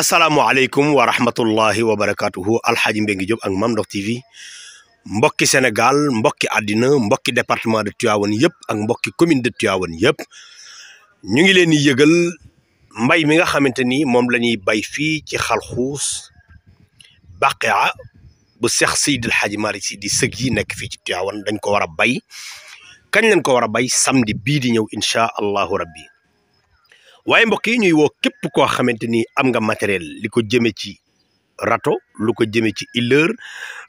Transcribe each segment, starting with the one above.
asalaamaaleykum wa rahmatullahi wa barakaatuhu alxaaji Mbengue Diop ak Mame Ndokh TV mbokki Sénégal mbokki àddina mbokki département de Tivaouane yëpp ak mbokki commune de Tivaouane yëpp ñu ngi leen di yëgal mbay mi nga xamante ni moom la bay fii ci xalxuus baqia bu Seex Seydil Xaaji Maalik Si di sëg yi nekk fii ci Tivaouane dañ ko war a bay kañ lañ ko war a bay samdi bii di ñëw incha allahu rabbi waaye mbokk yi ñuy woo képp koo xamante ni am nga matériel li ko jëme ci rato lu ko jëme ci illeur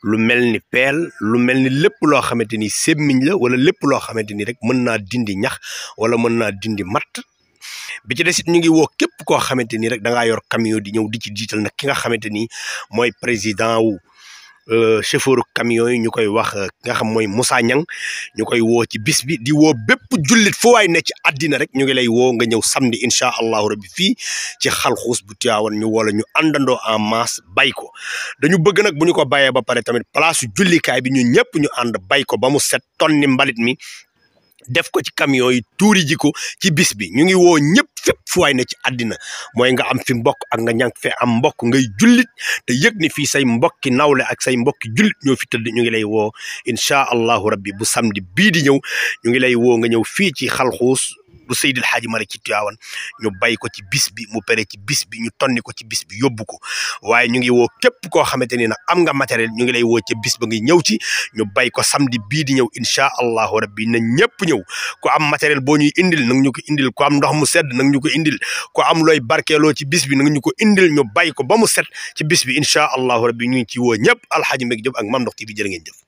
lu mel ni peel lu mel ni lépp loo xamante ni semmiñ la wala lépp loo xamante ni rek mën naa dindi ñax wala mën naa dindi matt bi ci desit ñu ngi woo képp koo xamante ni rek da ngaa yor camion di ñëw di ci jiital nag ki nga xamante ni mooy président wu Euh, chauffeur camion yi ñu koy wax euh, nga xam mooy Moussa Niang ñu koy woo ci bis bi di woo bépp jullit foo waay ne ci àddina rek ñu ngi lay woo nga ñëw samdi incha allahu rabbi fii ci xal xalxuus bu Tiwaawan ñu wala ñu àndandoo en masse bay ko dañu bëgg nag bu ñu ko bayee ba pare tamit place jullikaay bi ñu ñëpp ñu ànd bay ko ba mu set ni mbalit mi def ko ci camion yi tuuri ji ko ci bis bi ñu ngi woo ñëpp fépp fu waay na ci àddina mooy nga am fi mbokk ak nga ñànk fee am mbokk ngay jullit te yëg ni fii say mbokki nawle ak say mbokki jullit ñoo fi tëdd ñu ngi lay woo incha allahu rabbi bu samdi bii di ñëw ñu ngi lay woo nga ñëw fii ci xalxuus lu Seydil Hadji Malick ci Tiwaawan ñu bay ko ci bis bi mu pere ci bis bi ñu tonni ko ci bis bi yóbbu ko waaye ñu ngi woo képp koo xamante ni nag am nga matériel ñu ngi lay woo ca bis ba ngi ñëw ci ñu bay ko samdi bii di ñëw incha allahu rabbi na ñëpp ñëw ku am matériel boo ñuy indil nag ñu ko indil ku am ndox mu sedd nag ñu ko indil ko am looy barkeeloo ci bis bi nag ñu ko indil ñu bay ko ba mu set ci bis bi incha allahu rabbi ñu ci woo ñëpp alxaaji Mbeg Jóob ak Mame Ndokh TV bi jërë ngeen jëf